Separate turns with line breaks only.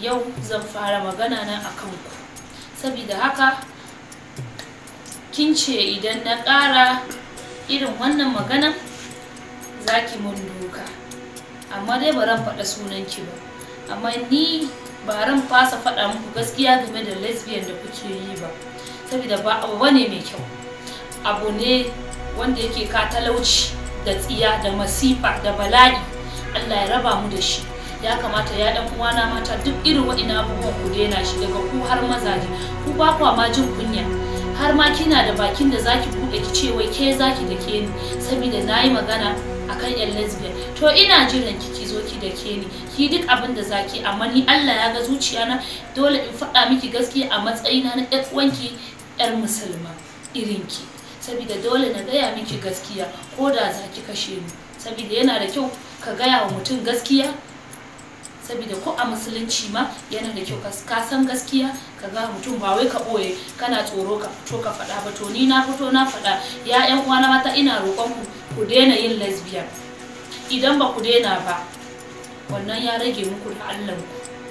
yau zan fara magana nan a kanku saboda haka kin ce idan na ƙara irin wannan magana, zaki ki mun duka amma dai ba ran faɗa sunanki ba amma ni ba ran fasa faɗa muku gaskiya game da lesbian da kuke yi ba saboda ba abu bane mai kyau abu ne wanda yake ka talauci da tsiya da masifa da bala'i allah ya raba mu da shi ya kamata ya dan uwana mata duk irin waina abubuwan ku daina shi daga ku har mazaje ku ba kwa ma jin kunya har ma kina da bakin da zaki buɗe ki ce wai ke zaki da ke ni saboda nayi magana akan yan lesbian to ina jiran ki zo ki da ke ni ki duk abin da zaki amma ni Allah ya ga zuciya na dole in faɗa miki gaskiya a matsayina na ɗan uwanki ƴar musulma irin ki. saboda dole na gaya miki gaskiya ko da zaki kashe ni saboda yana da kyau ka gaya wa mutum gaskiya saboda ko a musulunci ma yana da kyau ka san gaskiya ka ga mutum ba wai ka boye kana tsoro ka fito ka faɗa ba to ni na fito na faɗa ya ƴan uwana mata ina roƙon ku ku daina yin lesbian idan ba ku daina ba wannan ya rage muku da Allah ku